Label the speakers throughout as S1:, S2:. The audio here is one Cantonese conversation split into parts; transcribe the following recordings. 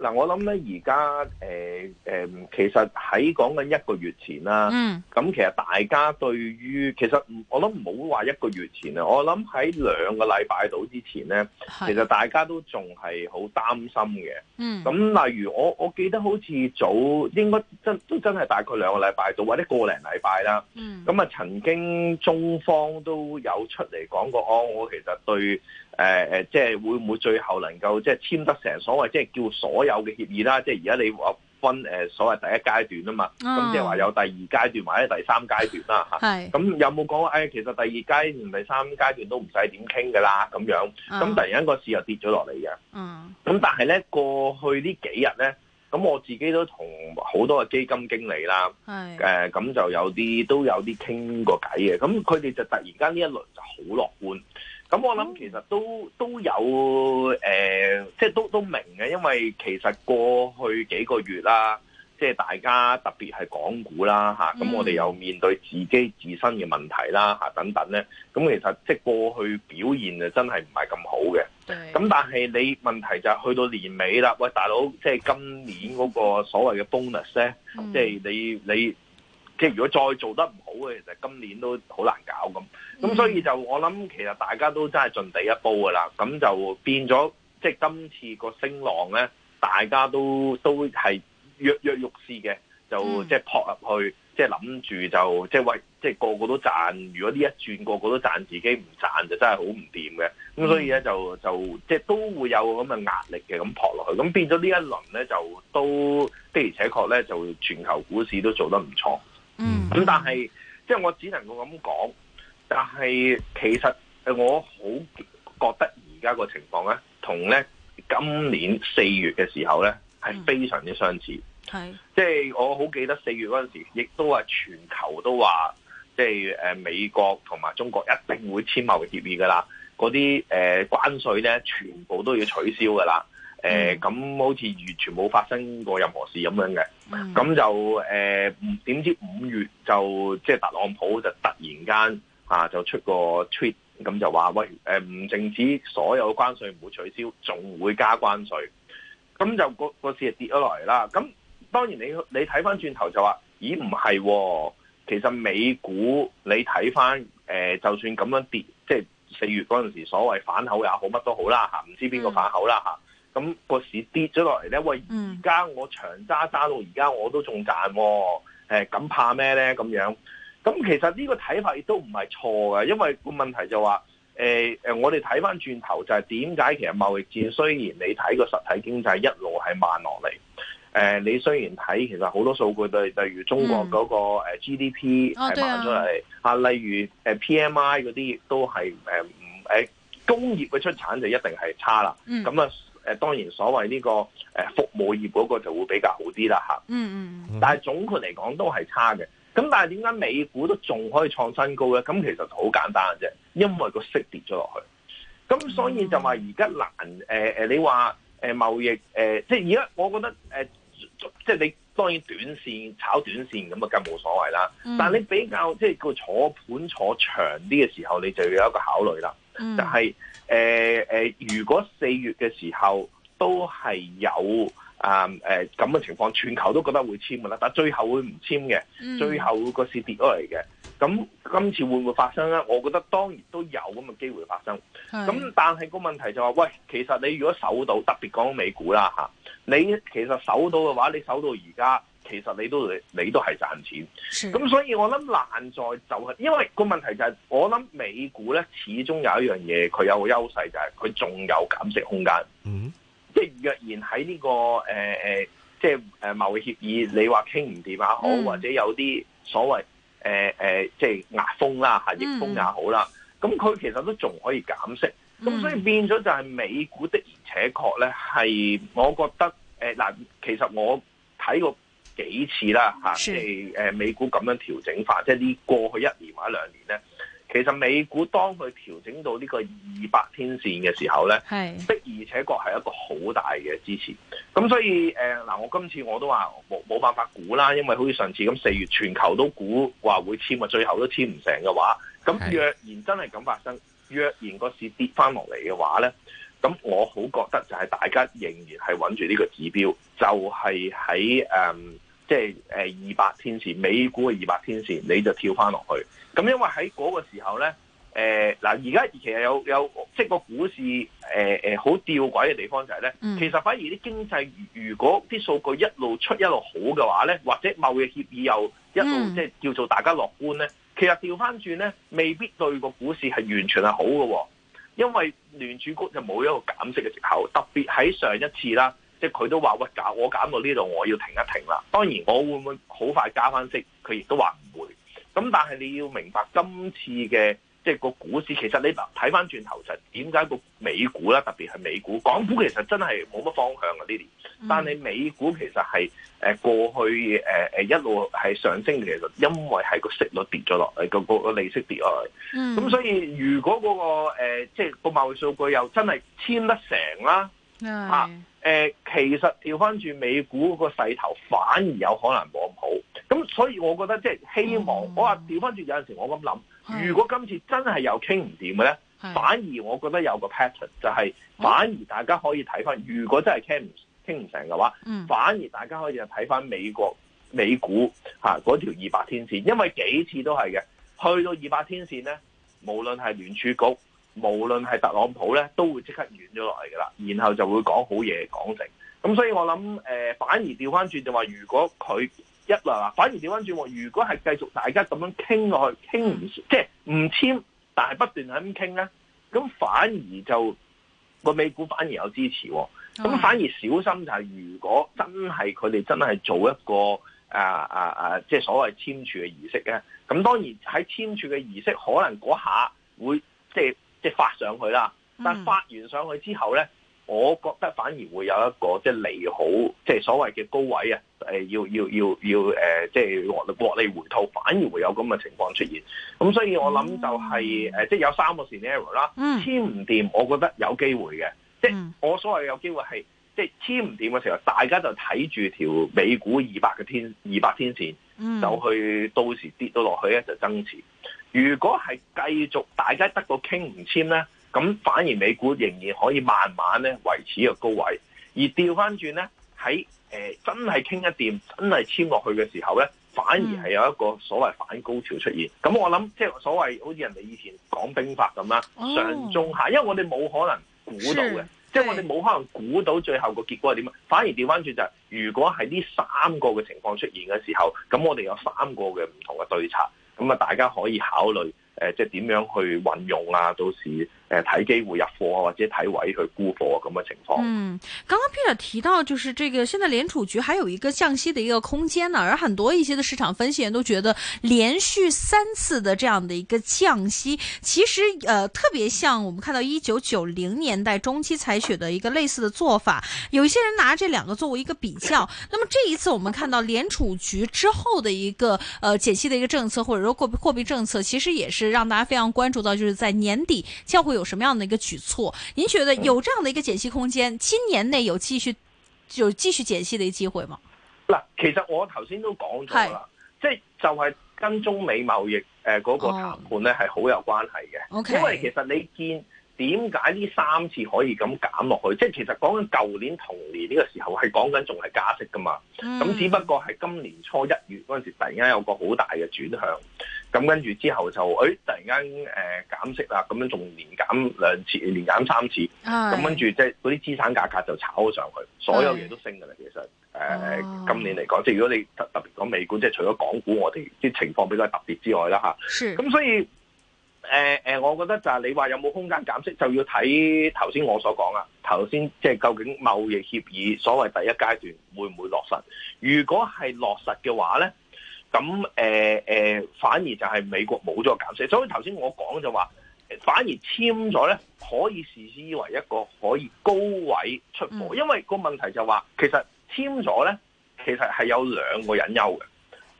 S1: 嗱，我諗咧，而家誒誒，其實喺講緊一個月前啦，咁、嗯、其實大家對於其實，我諗唔好話一個月前啊，我諗喺兩個禮拜到之前咧，其實大家都仲係好擔心嘅。
S2: 咁、嗯、例
S1: 如我我記得好似早應該真都真係大概兩個禮拜到或者個零禮拜啦。咁、嗯、啊，曾經中方都有出嚟講過、啊，我其實對。誒、呃、誒，即、就、係、是、會唔會最後能夠即係簽得成所謂即係叫所有嘅協議啦？即係而家你話分誒、呃、所謂第一階段啊嘛，咁即係話有第二階段或者第三階段啦吓。咁有冇講誒？其實第二階段、第三階段都唔使點傾噶啦，咁樣。咁、嗯、突然間個市又跌咗落嚟嘅。咁、嗯、但係咧過去幾呢幾日咧，咁我自己都同好多嘅基金經理啦，誒咁、呃、就有啲都有啲傾過偈嘅。咁佢哋就突然間呢一輪就好樂觀。咁我諗其實都都有，誒、嗯，即、呃、係、就是、都都明嘅，因為其實過去幾個月啦，即、就、係、是、大家特別係港股啦，吓、嗯，咁我哋又面對自己自身嘅問題啦，等等咧，咁其實即係過去表現就真係唔係咁好嘅。咁但係你問題就係去到年尾啦，喂大佬，即、就、係、是、今年嗰個所謂嘅 bonus 咧，即係你你。你即係如果再做得唔好嘅，其實今年都好難搞咁。咁所以就我諗，其實大家都真係盡地一煲噶啦。咁就變咗，即係今次個升浪咧，大家都都係躍躍欲試嘅，就即係撲入去，即係諗住就即係喂即係個個都賺。如果呢一轉個個都賺，自己唔賺就真係好唔掂嘅。咁所以咧就就即係都會有咁嘅壓力嘅咁撲落去。咁變咗呢一輪咧，就都的而且確咧，就全球股市都做得唔錯。嗯，咁、嗯、但係即係我只能夠咁講，但係其實誒我好覺得而家個情況咧，同咧今年四月嘅時候咧係非常之相似。係、嗯，即係、就是、我好記得四月嗰陣時，亦都話全球都話，即係誒美國同埋中國一定會簽貿易協議噶啦，嗰啲誒關稅咧全部都要取消噶啦。誒、嗯，咁、呃、好似完全冇發生過任何事咁樣嘅，咁就誒，點、呃、知五月就即係特朗普就突然間啊，就出個 tweet，咁就話喂，誒唔淨止所有關稅唔會取消，仲會加關稅。咁就個個市就跌咗落嚟啦。咁當然你你睇翻轉頭就話，咦唔係、哦，其實美股你睇翻，誒、呃、就算咁樣跌，即係四月嗰陣時所謂反口也好，乜都好啦吓，唔知邊個反口啦吓。嗯咁個市跌咗落嚟咧，喂！而家我長揸揸到而家，我都仲賺、哦，喎。咁怕咩咧？咁樣咁其實呢個睇法亦都唔係錯嘅，因為個問題就話誒、呃、我哋睇翻轉頭就係點解其實貿易戰雖然你睇個實體經濟一路係慢落嚟，誒、呃、你雖然睇其實好多數據對，例如中國嗰個 GDP 係慢咗嚟、嗯、啊，啊，啊，例如 PMI 嗰啲都係誒唔工業嘅出產就一定係差啦，咁、嗯、啊～誒，當然所謂呢個誒服務業嗰個就會比較好啲啦吓，嗯嗯，但係總括嚟講都係差嘅。咁但係點解美股都仲可以創新高咧？咁其實好簡單嘅啫，因為個息跌咗落去。咁所以就話而家難誒誒、呃，你話誒、呃、貿易誒、呃，即係而家我覺得誒、呃，即係你當然短線炒短線咁啊，更冇所謂啦、嗯。但係你比較即係個坐盤坐長啲嘅時候，你就要有一個考慮啦。就係、是。誒、呃、誒、呃，如果四月嘅時候都係有啊誒咁嘅情況，全球都覺得會簽嘅啦，但最後會唔簽嘅、嗯，最後個市跌咗嚟嘅。咁今次會唔會發生咧？我覺得當然都有咁嘅機會發生。咁但係個問題就係、是，喂，其實你如果守到，特別講美股啦嚇，你其實守到嘅話，你守到而家。其實你都你都係賺錢，咁所以我諗難在就係、是，因為個問題就係、是、我諗美股咧始終有一樣嘢，佢有個優勢就係佢仲有減息空間。嗯，即係若然喺呢、這個誒誒、呃，即係誒貿易協議你話傾唔掂也好，或者有啲所謂誒誒，即係壓風啦、啊、吓，逆風也好啦、啊，咁、嗯、佢其實都仲可以減息。咁、嗯、所以變咗就係美股的而且確咧，係我覺得誒嗱、呃，其實我睇過。幾次啦嚇，即係誒美股咁樣調整法。即係呢，過去一年或者兩年咧，其實美股當佢調整到呢個二百天線嘅時候咧，的而且確係一個好大嘅支持。咁所以誒嗱、呃，我今次我都話冇冇辦法估啦，因為好似上次咁四月全球都估話會簽，最後都簽唔成嘅話，咁若然真係咁發生，若然個市跌翻落嚟嘅話咧。咁我好覺得就係大家仍然係揾住呢個指標，就係喺誒，即係誒二百天線，美股嘅二百天線，你就跳翻落去。咁因為喺嗰個時候咧，誒、呃、嗱，而家其實有有即係個股市誒好、呃、吊詭嘅地方就係咧，嗯、其實反而啲經濟如果啲數據一路出一路好嘅話咧，或者貿易協議又一路即係叫做大家樂觀咧，其實調翻轉咧，未必對個股市係完全係好嘅、啊。因為聯儲局就冇一個減息嘅藉口，特別喺上一次啦，即係佢都話：「哇，減我減到呢度，我要停一停啦。當然，我會唔會好快加返息？佢亦都話唔會。咁但係你要明白今次嘅。即、就、係、是、個股市，其實你睇翻轉頭，實點解個美股啦，特別係美股，港股其實真係冇乜方向啊，呢啲，但係美股其實係誒過去、呃、一路係上升，其實因為係個息率跌咗落嚟，個個利息跌落嚟。咁、嗯、所以如果嗰、那個即係個貿易數據又真係簽得成啦、啊呃，其實調翻轉美股個勢頭反而有可能冇咁好。咁所以我覺得即係希望，嗯、我話調翻轉有陣時我咁諗。如果今次真係又傾唔掂嘅咧，反而我覺得有個 pattern 就係，反而大家可以睇翻，如果真係傾唔傾唔成嘅話，反而大家可以就睇翻美國美股嗰、啊、條二百天線，因為幾次都係嘅，去到二百天線咧，無論係聯儲局，無論係特朗普咧，都會即刻軟咗落嚟噶啦，然後就會講好嘢講成，咁所以我諗、呃、反而調翻轉就話，如果佢。一啦，反而掉返轉喎。如果係繼續大家咁樣傾落去，傾唔切，即係唔簽，但係不斷係咁傾咧，咁反而就個美股反而有支持喎。咁反而小心就係，如果真係佢哋真係做一個啊啊啊，即、啊、係、啊係、所謂簽署嘅儀式咧，咁當然喺簽署嘅儀式，那儀式可能嗰下會即係即係發上去啦。但係發完上去之後咧。我覺得反而會有一個即係利好，即係所謂嘅高位啊！誒、呃，要要要要誒、呃，即係獲獲利回吐，反而會有咁嘅情況出現。咁所以我諗就係、是、誒，mm. 即係有三個 scenario 啦。簽唔掂，我覺得有機會嘅。即係我所謂有機會係，即係簽唔掂嘅時候，大家就睇住條美股二百嘅天二百天線，就去、mm. 到時跌到落去咧就增持。如果係繼續大家得到傾唔簽咧？咁反而美股仍然可以慢慢咧維持個高位，而調翻轉咧喺誒真係傾一掂，真係簽落去嘅時候咧，反而係有一個所謂反高潮出現，嗯。咁我諗即係所謂好似人哋以前講兵法咁啦，上中下，因為我哋冇可能估到嘅，即係我哋冇可能估到最後個結果係點。啊，反而調翻轉就係如果係呢三個嘅情況出現嘅時候，咁我哋有三個嘅唔同嘅對策，咁啊大家可以考慮，誒，即係點樣去運用啊，到時。誒睇機會入貨啊，或者睇位去沽貨啊咁嘅情況。
S3: 嗯，剛剛 Peter 提到，就是這個現在聯儲局還有一個降息的一個空間呢、啊。而很多一些的市場分析員都覺得，連續三次的這樣的一個降息，其實呃特別像我們看到一九九零年代中期採取的一個類似的做法，有一些人拿這兩個作為一個比較。那麼這一次我們看到聯儲局之後的一個呃減息的一個政策，或者說貨貨幣政策，其實也是讓大家非常關注到，就是在年底將會有。有什麼樣的一個舉措？您覺得有這樣的一個減息空間，嗯，今年內有繼續，有繼續減息的機會嗎？
S1: 嗱，其實我頭先都講咗啦，即係就係、是、跟中美貿易誒嗰個談判咧係好有關係嘅。哦 okay. 因為其實你見點解呢三次可以咁減落去？即係其實講緊舊年同年呢個時候係講緊仲係加息噶嘛？咁、嗯、只不過係今年初一月嗰陣時突然間有一個好大嘅轉向。咁跟住之後就，誒、哎，突然間，誒、呃，減息啦，咁樣仲連減兩次，連減三次，咁跟住即係嗰啲資產價格就炒上去，所有嘢都升㗎啦。其實，誒、呃啊，今年嚟講，即、就、係、是、如果你特特別講美股，即、就、係、是、除咗港股我，我哋啲情況比較特別之外啦，吓、啊，咁所以，誒、呃、我覺得就係你話有冇空間減息，就要睇頭先我所講啊。頭先即係究竟貿易協議所謂第一階段會唔會落實？如果係落實嘅話咧？咁誒、呃呃、反而就係美國冇咗減息，所以頭先我講就話，反而簽咗咧，可以視之為一個可以高位出貨、嗯，因為個問題就話，其實簽咗咧，其實係有兩個隱憂嘅。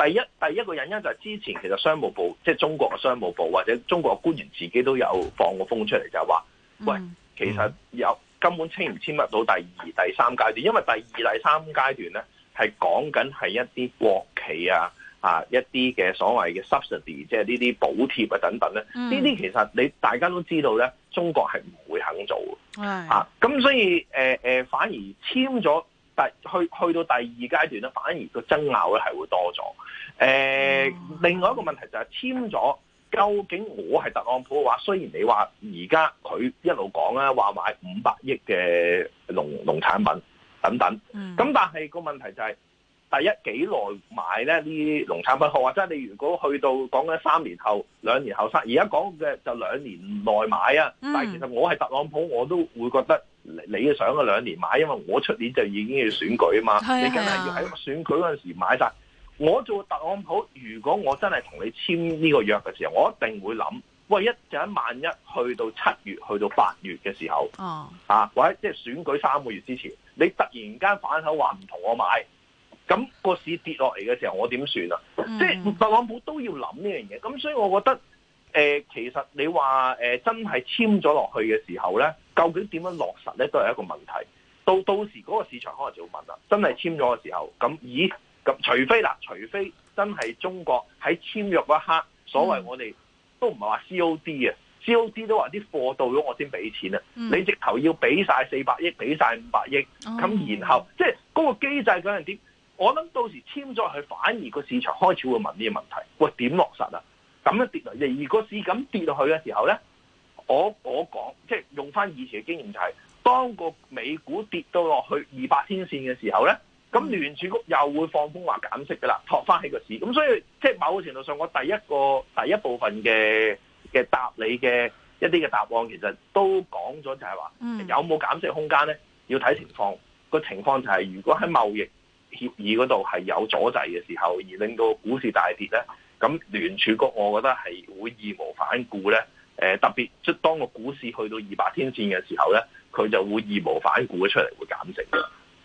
S1: 第一，第一個隱憂就係之前其實商務部，即係中國嘅商務部或者中國嘅官員自己都有放過風出嚟，就係話，喂，其實有根本籤唔籤得到第二、第三階段，因為第二、第三階段咧係講緊係一啲國企啊。啊！一啲嘅所謂嘅 subsidy，即係呢啲補貼啊等等咧，呢、嗯、啲其實你大家都知道咧，中國係唔會肯做嘅、嗯。啊，咁所以、呃、反而簽咗第去去到第二階段咧，反而個爭拗咧係會多咗。誒、呃哦，另外一個問題就係簽咗，究竟我係特朗普嘅話，雖然你話而家佢一路講咧話買五百億嘅農農產品等等，咁、嗯、但係個問題就係、是。第一幾耐買咧？啲農產品號，我或即係你如果去到講緊三年後、兩年後、生而家講嘅就兩年內買啊、嗯！但其實我係特朗普，我都會覺得你要想嘅兩年買，因為我出年就已經要選舉啊嘛。啊你梗係要喺個選舉嗰陣時買晒、啊、但我做特朗普，如果我真係同你簽呢個約嘅時候，我一定會諗：喂，一就喺萬一去到七月去到八月嘅時候，哦、啊，或者即係選舉三個月之前，你突然間反口話唔同我買。咁、那個市跌落嚟嘅時候，我點算啊？Mm. 即係特朗普都要諗呢樣嘢。咁所以，我覺得、呃、其實你話、呃、真係簽咗落去嘅時候咧，究竟點樣落實咧，都係一個問題。到到時嗰個市場可能就問問啦，真係簽咗嘅時候，咁咦？咁除非嗱，除非真係中國喺簽約一刻，所謂我哋、mm. 都唔係話 C O D 啊，C O D 都話啲貨到咗我先俾錢啊。Mm. 你直頭要俾晒四百億，俾晒五百億，咁、oh. 然後、mm. 即係嗰、那個機制嗰陣啲。我諗到時簽咗去，反而個市場開始會問呢個問題。喂，點落實啊？咁樣跌落嚟，而個市咁跌落去嘅時候咧，我我講即係用翻以前嘅經驗、就是，就係當個美股跌到落去二百天線嘅時候咧，咁聯儲局又會放風話減息㗎啦，托翻起個市。咁所以即係某個程度上，我第一個第一部分嘅嘅答你嘅一啲嘅答案，其實都講咗就係話，有冇減息空間咧？要睇情況。個情況就係如果喺貿易。協議嗰度係有阻滯嘅時候，而令到股市大跌咧，咁聯儲局我覺得係會義無反顧咧。誒，特別即係當個股市去到二百天線嘅時候咧，佢就會義無反顧出嚟會減息㗎。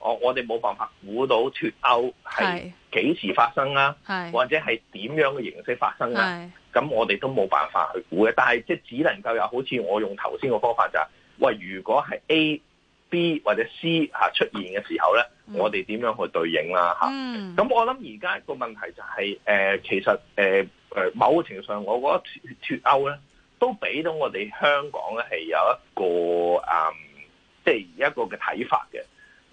S1: 我我哋冇辦法估到脫歐係幾時發生啦，或者係點樣嘅形式發生啊？咁我哋都冇辦法去估嘅。但係即係只能夠有好似我用頭先個方法就係喂，如果係 A、B 或者 C 吓出現嘅時候咧，我哋點樣去對應啦？吓，咁我諗而家個問題就係誒，其實誒誒，某程度上，我覺得脫脫歐咧都俾到我哋香港咧係有一個誒，即係，嗯，係，就係，一個嘅睇法嘅。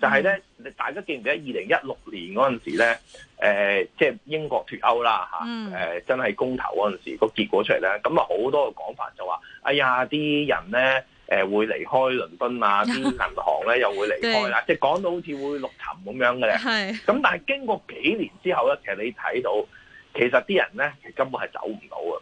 S1: 就係、是、咧、嗯，大家記唔記得二零一六年嗰陣時咧？即、呃、係、就是、英國脱歐啦、啊嗯、真係公投嗰陣時、那個結果出嚟咧，咁啊好多個講法就話：，哎呀，啲人咧誒、呃、會離開倫敦啊，啲銀行咧 又會離開啦、啊，即係講到好似會陸沉咁樣嘅咧。係。咁但係經過幾年之後咧，其實你睇到其實啲人咧，其實根本係走唔到嘅。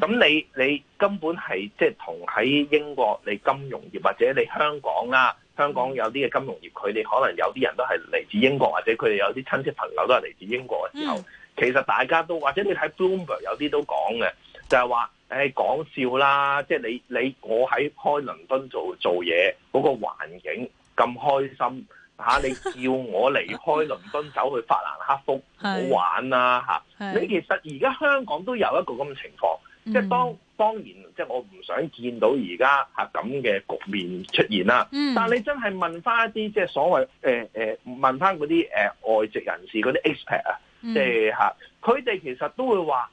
S1: 咁、嗯、你你根本係即係同喺英國你金融業或者你香港啦、啊。香港有啲嘅金融業，佢哋可能有啲人都係嚟自英國，或者佢哋有啲親戚朋友都係嚟自英國嘅時候、嗯，其實大家都，或者你睇 Bloomberg 有啲都講嘅，就係話誒講笑啦，即係你你我喺開倫敦做做嘢，嗰、嗰個環境咁開心、啊、你叫我離開倫敦走去法蘭克福好玩啦、啊、你其實而家香港都有一個咁嘅情況。嗯、即係當當然，即係我唔想見到而家嚇咁嘅局面出現啦、嗯。但係你真係問翻一啲即係所謂誒誒、呃呃、問翻嗰啲誒外籍人士嗰啲 expert、嗯、啊，即係嚇佢哋其實都會話，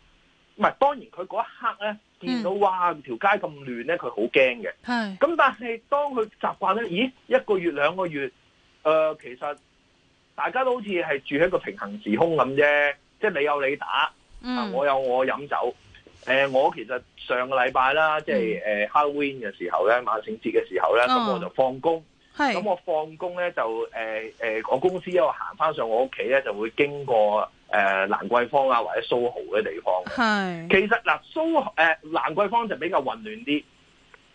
S1: 唔係當然佢嗰一刻咧見到、嗯、哇條街咁亂咧，佢好驚嘅。係咁，但係當佢習慣咧，咦一個月兩個月，誒、呃、其實大家都好似係住喺一個平行時空咁啫，即係你有你打、嗯，我有我飲酒。誒、呃，我其實上個禮拜啦，即係誒、呃、Halloween 嘅時候咧，萬聖節嘅時候咧，咁、哦、我就放工。咁我放工咧就誒誒、呃呃，我公司一路行翻上我屋企咧，就會經過誒、呃、蘭桂坊啊或者蘇豪嘅地方。係其實嗱、呃，蘇誒、呃、蘭桂坊就比較混亂啲，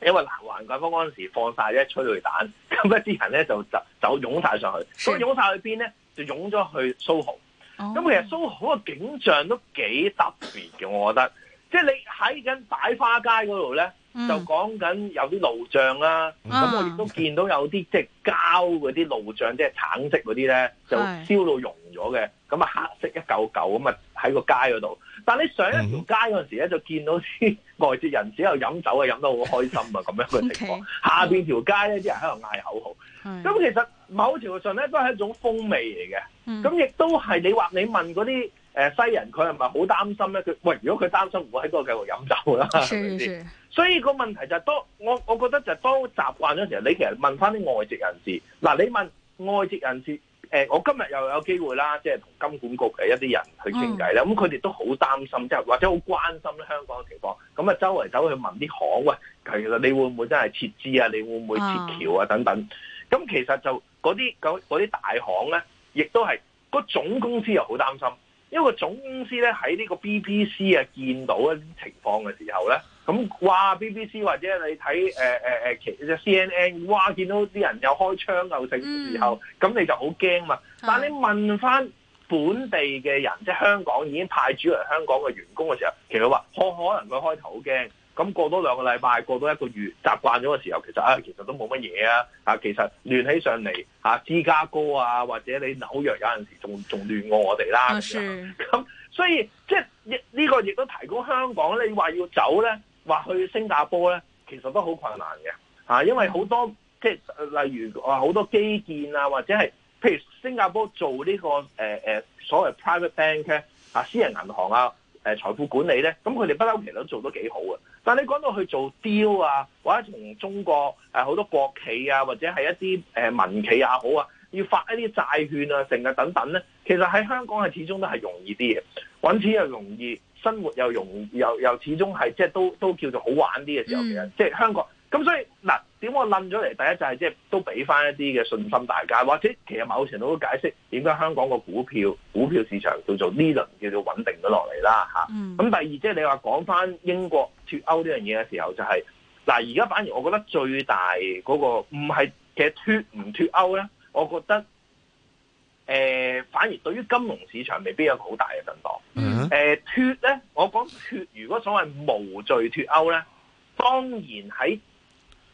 S1: 因為蘭蘭桂坊嗰陣時放晒啲催淚彈，咁一啲人咧就就就湧曬上去，所以湧曬去邊咧？就湧咗去蘇豪。咁、哦、其實蘇豪個景象都幾特別嘅，我覺得。即係你喺緊百花街嗰度咧，就講緊有啲路障啦。咁、嗯、我亦都見到有啲即係膠嗰啲路障，即、就、係、是就是、橙色嗰啲咧，就燒到融咗嘅。咁啊黑色一嚿嚿咁啊，喺個街嗰度。但係你上一條街嗰陣時咧，就見到啲外籍人士又飲酒啊，飲得好開心啊，咁 樣嘅情況、okay, 下邊條街咧，啲人喺度嗌口號。咁其實某程上咧都係一種風味嚟嘅。咁、嗯、亦都係你話你問嗰啲。誒，西人佢係咪好擔心咧？佢，喂，如果佢擔心，唔會喺嗰度繼續飲酒啦，係咪先？所以個問題就係，我我覺得就是都習慣咗嘅時候，你其實問翻啲外籍人士，嗱，你問外籍人士，誒，我今日又有機會啦，即係同金管局嘅一啲人去傾偈咧，咁佢哋都好擔心，即係或者好關心香港嘅情況，咁啊，周圍走去問啲行，喂，其實你會唔會真係撤資啊？你會唔會撤僑啊？等等，咁其實就嗰啲啲大行咧，亦都係個總公司又好擔心。因為總公司咧喺呢個 BBC 啊見到一啲情況嘅時候咧，咁哇 BBC 或者你睇誒誒其 CNN，哇見到啲人又開槍又成嘅時候，咁、嗯、你就好驚嘛。但係你問翻本地嘅人，即係香港已經派主嚟香港嘅員工嘅時候，其實話好可能佢開頭好驚。咁過多兩個禮拜，過多一個月，習慣咗嘅時候，其實啊，其實都冇乜嘢啊。啊，其實亂起上嚟，啊，芝加哥啊，或者你紐約有陣時仲仲亂過我哋啦。咁、啊啊、所以即係、呢個亦都提供香港，你話要走咧，話去新加坡咧，其實都好困難嘅、啊。因為好多即係例如好多基建啊，或者係譬如新加坡做呢、呢個、呃、所謂 private bank 啊私人銀行啊誒財富管理咧，咁佢哋不嬲，其實都做得幾好嘅。但你講到去做 deal 啊，或者從中國誒好多國企啊，或者係一啲誒民企也好啊，要發一啲債券啊、成日等等咧，其實喺香港係始終都係容易啲嘅，搵錢又容易，生活又容易又又始終係即係都都叫做好玩啲嘅時候嘅，即係、嗯、香港。咁所以嗱，點我冧咗嚟？第一就係即係都俾翻一啲嘅信心大家，或者其實某程度都解釋點解香港個股票股票市場叫做呢輪叫做穩定咗落嚟啦嚇。咁第二即係你話講翻英國脱歐呢樣嘢嘅時候，就係，就係嗱而家反而我覺得最大嗰，嗰個唔係其實脱唔脱歐咧，我覺得誒、呃、反而對於金融市場未必有好大嘅震盪。誒脱咧，我講脱，如果所謂無罪脱歐咧，當然喺。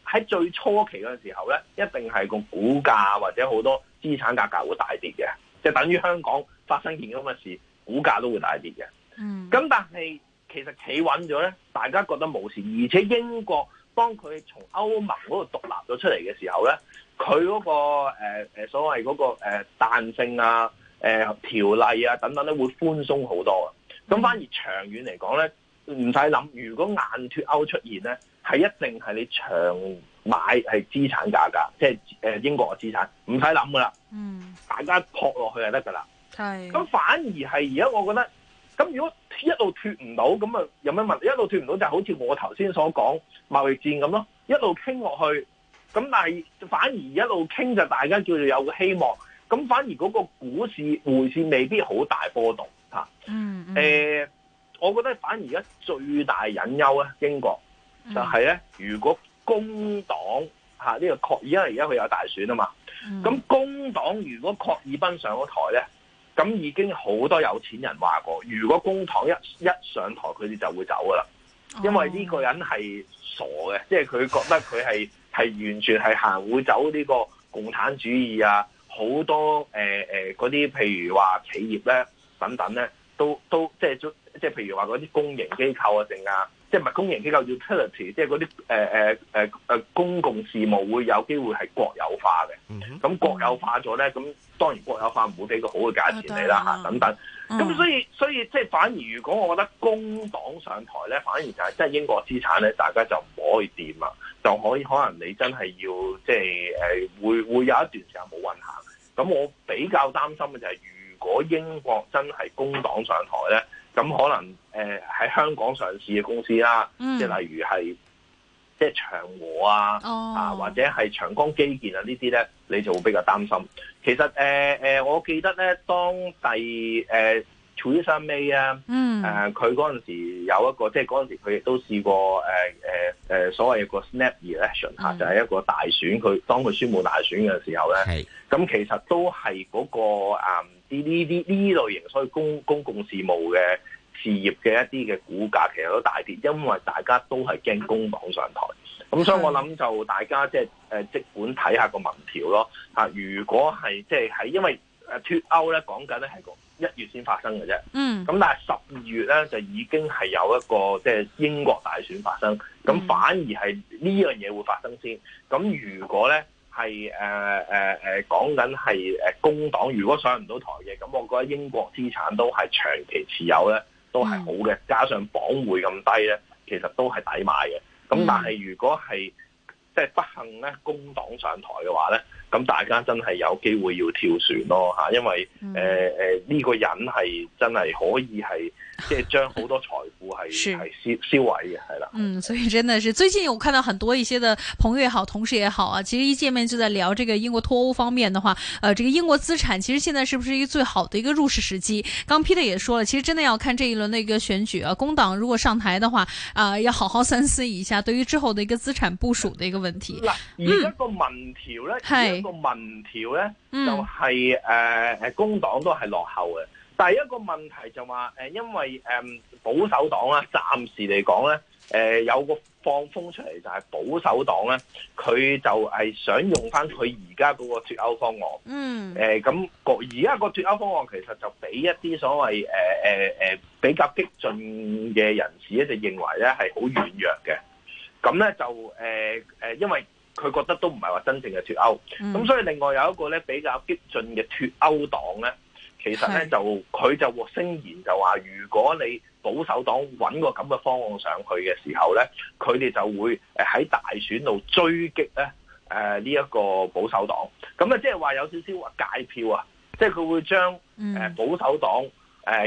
S1: 喺最初期嘅時候咧，一定係個股價或者好多資產價格會大跌嘅，就等於香港發生件咁嘅事，股價都會大跌嘅。嗯，咁但係其實企穩咗咧，大家覺得冇事，而且英國當佢從歐盟嗰度獨立咗出嚟嘅時候咧，佢嗰個誒誒、呃、所謂嗰個誒彈性啊、誒、呃、條例啊等等咧會寬鬆好多。咁反而長遠嚟講咧，唔使諗，如果硬脱歐出現咧。係一定係你長買係資產價格的，即係誒英國嘅資產，唔使諗噶啦。嗯，大家撲落去就得噶啦。係咁，反而係而家我覺得，咁如果一路脱唔到，咁啊有咩問題？一路脱唔到就係，好似我頭先所講貿易戰咁咯，一路傾落去，咁但係反而一路傾就大家叫做有個希望，咁反而嗰個股市匯市未必好大波動吓。嗯，誒、嗯啊，我覺得反而而家最大隱憂咧，英國。就係、是、咧，如果工黨嚇呢、啊呢個確，因為而家佢有大選啊嘛。咁、嗯、工黨如果郝爾彬上咗台咧，咁已經好多有錢人話過，如果工黨一一上台，佢哋就會走㗎喇。因為呢個人係傻嘅、哦，即係佢覺得佢係係完全係行會走呢個共產主義啊，好多誒誒嗰啲譬如話企業咧等等咧，都都即係即係譬如話嗰啲公營機構啊，剩啊。即係物公營機構 utility，即係嗰啲誒誒誒誒公共事務會有機會係國有化嘅。咁、mm -hmm. 國有化咗咧，咁當然國有化唔會俾個好嘅價錢你啦嚇等等。咁所以所以即係反而，如果我覺得工黨上台咧，反而就係即係英國資產咧，mm -hmm. 大家就唔可以掂啦，就可以可能你真係要即係誒，會會有一段時間冇運行。咁我比較擔心嘅就係，如果英國真係工黨上台咧。Mm -hmm. 咁可能誒喺、呃、香港上市嘅公司啦、啊嗯，即係例如係即係長和啊，哦、啊或者係長江基建啊呢啲咧，你就會比較擔心。其實誒、呃、我記得咧，當第誒。呃除咗 Theresa May 啊，佢嗰陣時有一個，即係嗰陣時佢亦都試過誒誒、呃呃、所謂一個 snap election、mm. 就係一個大選。佢當佢宣布大選嘅時候咧，咁、mm. 嗯、其實都係嗰、那個啊，呢啲呢類型，所以公公共事務嘅事業嘅一啲嘅股價其實都大跌，因為大家都係驚工黨上台。咁、mm. 嗯、所以我諗就大家即係誒，即管睇下個民調咯嚇。如果係即係喺因為誒脫歐咧，講緊咧係個一月先發生嘅啫，咁、嗯、但係十二月咧就已經係有一個即係英國大選發生，咁、嗯、反而係呢樣嘢會發生先。咁如果咧係誒誒誒講緊係誒工黨如果上唔到台嘅，咁我覺得英國資產都係長期持有咧，都係好嘅。加上鎊匯咁低咧，其實都係抵買嘅。咁但係如果係即係不幸咧工黨上台嘅話咧。咁大家真係有機會要跳船咯吓？因為誒誒，呢、呃呃呢個人係真係可以係。 即係將好多財富係係燒燒毀嘅
S3: 係啦，嗯，所以真的是最近我看到很多一些的朋友也好，同事也好啊，其實一見面就在聊這個英國脫歐方面的話，呃這個英國資產其實現在是不是一個最好的一個入市時機？剛，剛 Peter 也說了，其實真的要看這一輪的一個選舉啊，工黨如果上台的話，啊、呃，要好好三思一下，對於之後的一個資產部署的一個問題。嗱，而家
S1: 個呢其實一個民調咧、嗯，就係、是、誒，係、嗯呃、工黨都係落後嘅。第一個問題就話，誒，因為誒保守黨啊，暫時嚟講咧，誒有個放風出嚟就係保守黨咧，佢就係想用翻佢而家嗰個脱歐方案。嗯。誒，咁而家個脱歐方案其實就俾一啲所謂誒誒誒比較激進嘅人士咧就認為咧係好軟弱嘅。咁咧就誒誒，因為佢覺得都唔係話真正嘅脱歐。咁所以另外有一個咧比較激進嘅脱歐黨咧。其實咧就佢就聲言就話，如果你保守黨揾個咁嘅方案上去嘅時候咧，佢哋就會誒喺大選度追擊咧誒呢一、呃這個保守黨。咁啊，即係話有少少話界票啊，即係佢會將誒、呃、保守黨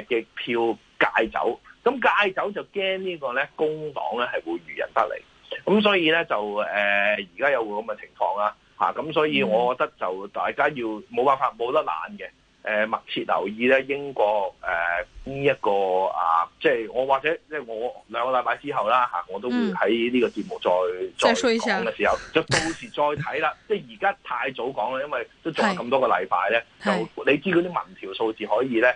S1: 誒嘅票界走。咁界走就驚呢個咧工黨咧係會漁人得利。咁所以咧就誒而家有個咁嘅情況啦、啊，嚇、啊、咁所以我覺得就大家要冇辦法冇得懶嘅。誒、呃、密切留意咧英國誒呢、呃、一個啊，即係我或者即係我兩個禮拜之後啦嚇，我都會喺呢個節目再、嗯、再講嘅時候，就到時再睇啦。 即係而家太早講啦，因為都仲有咁多個禮拜咧，就你知嗰啲民調數字可以咧。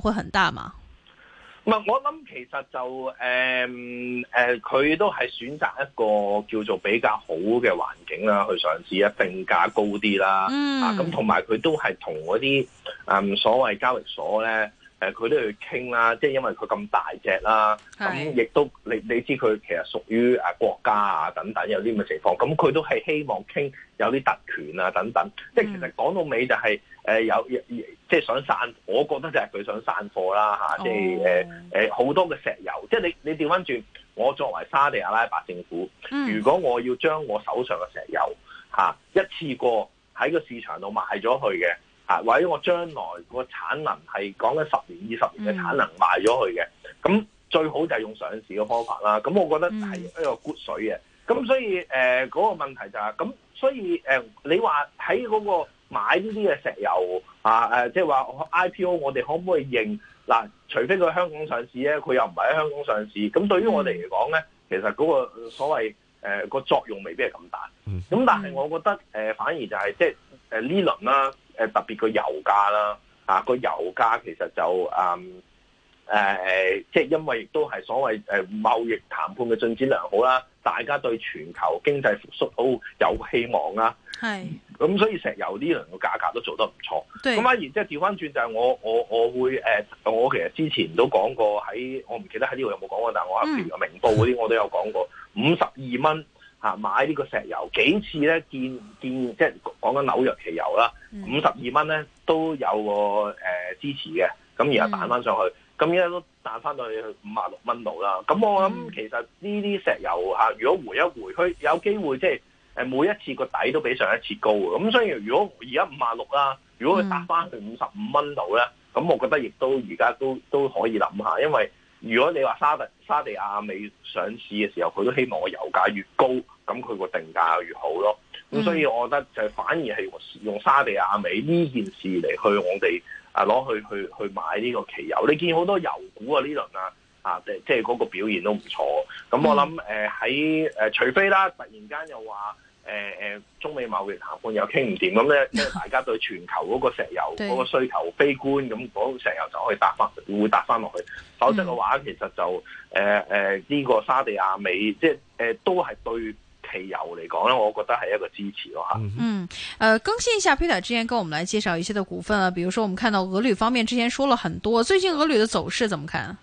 S1: 會很大嘛，唔係，我諗其實就誒誒，佢、嗯嗯、都係選擇一個叫做比較好嘅環境啦，去上市啊，定價高啲啦。嗯，啊，咁同埋佢都係同嗰啲誒所謂交易所咧。誒佢都要傾啦，即係因為佢咁大隻啦，咁亦都你你知佢其實屬於誒國家啊等等有啲咁嘅情況，咁佢都係希望傾有啲特權啊等等，嗯、即係其實講到尾就係、是、誒、呃、有即係想散，我覺得就係佢想散貨啦嚇，啊哦、即係誒誒好多嘅石油，即係你你調翻轉，我作為沙地阿拉伯政府，如果我要將我手上嘅石油嚇、啊、一次過喺個市場度賣咗去嘅。啊！或者我將來個產能係講緊十年、二十年嘅產能賣咗佢嘅，咁、嗯、最好就係用上市嘅方法啦。咁我覺得係一個骨髓嘅。咁所以誒，嗰、呃那個問題就係、是、咁。所以誒、呃，你話喺嗰個買呢啲嘅石油啊即係話 IPO，我哋可唔可以認嗱、啊？除非佢香港上市咧，佢又唔係喺香港上市。咁對於我哋嚟講咧，其實嗰個所謂誒個、呃、作用未必係咁大。咁、嗯、但係我覺得、呃、反而就係即係呢輪啦、啊。誒特別個油價啦，啊個油價其實就誒誒，即、嗯、係、呃就是、因為亦都係所謂誒、呃、貿易談判嘅進展良好啦，大家對全球經濟復甦好有希望啦，
S2: 係。
S1: 咁所以石油呢輪個價格都做得唔錯。咁反而之，係調翻轉就係我我我會誒、呃，我其實之前都講過，喺我唔記得喺呢度有冇講過，但係我譬如明報嗰啲我都有講過，五十二蚊。啊！買呢個石油幾次咧？見見即係講緊紐約期油啦，五十二蚊咧都有個、呃、支持嘅，咁而家彈翻上去，咁而家都彈翻到去五十六蚊度啦。咁我諗其實呢啲石油、啊、如果回一回去，有機會即係每一次個底都比上一次高。咁所以如果而家五十六啦，如果佢彈翻去五十五蚊度咧，咁我覺得亦都而家都都可以諗下，因為。如果你話沙特沙地亞美上市嘅時候，佢都希望個油價越高，咁佢個定價又越好咯。咁所以我覺得就反而係用沙地亞美呢件事嚟去我哋啊，攞去去去買呢個期油。你見好多油股啊，呢輪啊啊，即係嗰個表現都唔錯。咁我諗誒喺誒，除非啦，突然間又話。誒、呃、誒，中美貿易談判又傾唔掂咁咧，即係大家對全球嗰個石油嗰 個需求悲觀，咁嗰個石油就可以搭翻會搭翻落去。否則嘅話，其實就誒誒呢個沙地亞美即係誒、呃、都係對汽油嚟講咧，我覺得係一個支持咯。嗯、mm -hmm. 嗯，
S3: 誒、呃、更新一下，Peter 之前跟我們來介紹一些嘅股份啊，比如說，我們看到俄鋁方面之前說了很多，最近俄鋁的走勢怎麼看？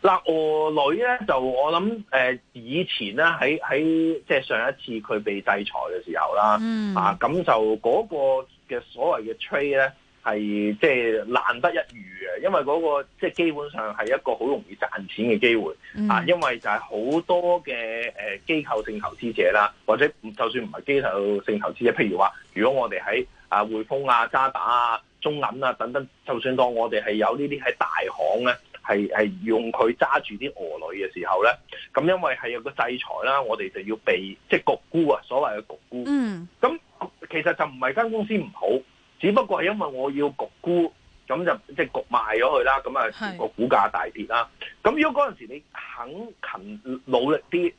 S1: 嗱，俄女咧就我諗，誒以前咧喺喺即係上一次佢被制裁嘅時候啦，mm. 啊咁就嗰個嘅所謂嘅 trade 咧係即係難得一遇嘅，因為嗰、嗰個即係、即係、基本上係一個好容易賺錢嘅機會，mm. 啊，因為就係好多嘅誒機構性投資者啦，或者就算唔係機構性投資者，譬如話，如果我哋喺啊匯豐啊渣打啊中銀啊等等，就算當我哋係有呢啲喺大行咧。係係用佢揸住啲鵝女嘅時候咧，咁因為係有個制裁啦，我哋就要被即係、就是、焗沽啊，所謂嘅焗沽。嗯，咁其實就唔係間公司唔好，只不過係因為我要焗沽，咁就即係、就是、焗賣咗佢啦，咁啊個股價大跌啦。咁如果嗰陣時候你肯勤努力啲，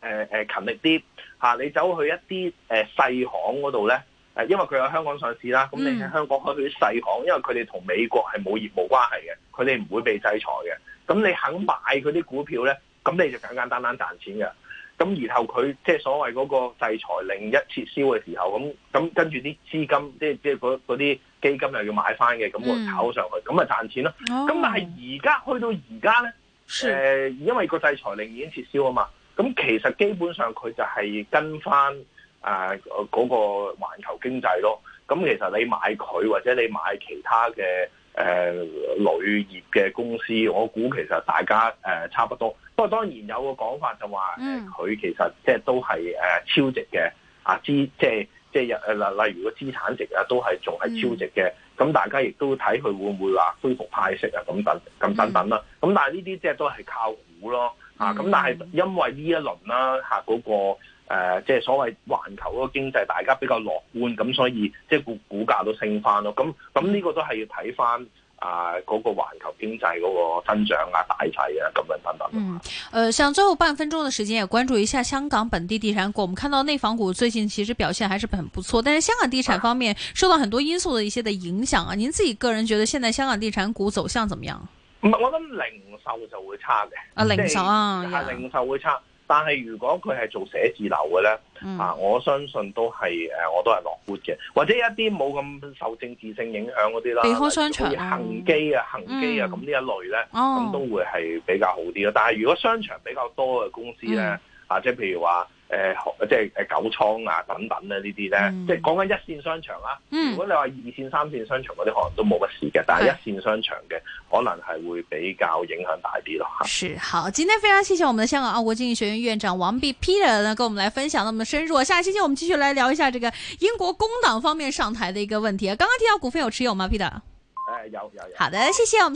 S1: 誒誒，勤力啲吓，你走去一啲誒細行嗰度咧。因為佢喺香港上市啦，咁你喺香港開啲細講，因為佢哋同美國係冇業務關係嘅，佢哋唔會被制裁嘅。咁你肯買佢啲股票咧，咁你就簡簡單單,單賺錢嘅。咁然後佢即係所謂嗰個制裁令一撤銷嘅時候，咁咁跟住啲資金，即係即係嗰啲基金又要買翻嘅，咁會炒上去，咁、嗯、咪賺錢咯。咁、哦、但係而家去到而家咧，誒、呃，因為個制裁令已經撤銷啊嘛，咁其實基本上佢就係跟翻。啊，嗰、那個環球經濟咯，咁、嗯、其實你買佢或者你買其他嘅誒旅業嘅公司，我估其實大家誒、呃、差不多。不過當然有個講法就話，佢、嗯嗯、其實即係都係誒超值嘅啊資，即即例例如個資產值啊，都係仲係超值嘅。咁、嗯、大家亦都睇佢會唔會話恢復派息啊，咁等咁等等啦、啊。咁、嗯嗯、但係呢啲即係都係靠估咯啊。咁但係因為呢一輪啦、啊、嗰、那個。誒、呃，即、就、係、是、所謂環球嗰個經濟，大家比較樂觀，咁所以即係、就是、股股價都升翻咯。咁咁呢個都係要睇翻啊嗰個環球經濟嗰個增長啊大勢啊咁樣等等
S3: 咯。誒、嗯呃，想最後半分鐘的時間，也關注一下香港本地地產股。我們看到內房股最近其實表現還是很不錯，但是香港地產方面受到很多因素的一些的影響啊。您自己個人覺得現在香港地產股走向怎麼樣？
S1: 唔、呃、係，我覺得零售就會差嘅。啊，零售啊，啊，零售會差。但係如果佢係做寫字樓嘅咧，啊，我相信都係誒、呃，我都係樂觀嘅，或者一啲冇咁受政治性影響嗰啲啦，商場如恆基啊、恆、嗯、基啊，咁呢一類咧，咁、哦、都會係比較好啲咯。但係如果商場比較多嘅公司咧、嗯，啊，即係譬如話。誒、呃，即係誒，九倉啊，等等咧，呢啲咧，即係講緊一線商場啦，啊嗯。如果你話二線、三線商場嗰啲可能都冇乜事嘅，嗯，但係一線商場嘅可能係會比較影響大啲咯。
S3: 係。好，今天非常謝謝我們嘅香港奧國經濟學院院長王弼 Peter 呢，跟我們來分享咁麼深入。下一星期我們繼續來聊一下這個英國工黨方面上台嘅一個問題。剛剛提到股份有持有嗎，Peter？誒、呃，有有
S1: 有。
S2: 好
S3: 的，謝謝我們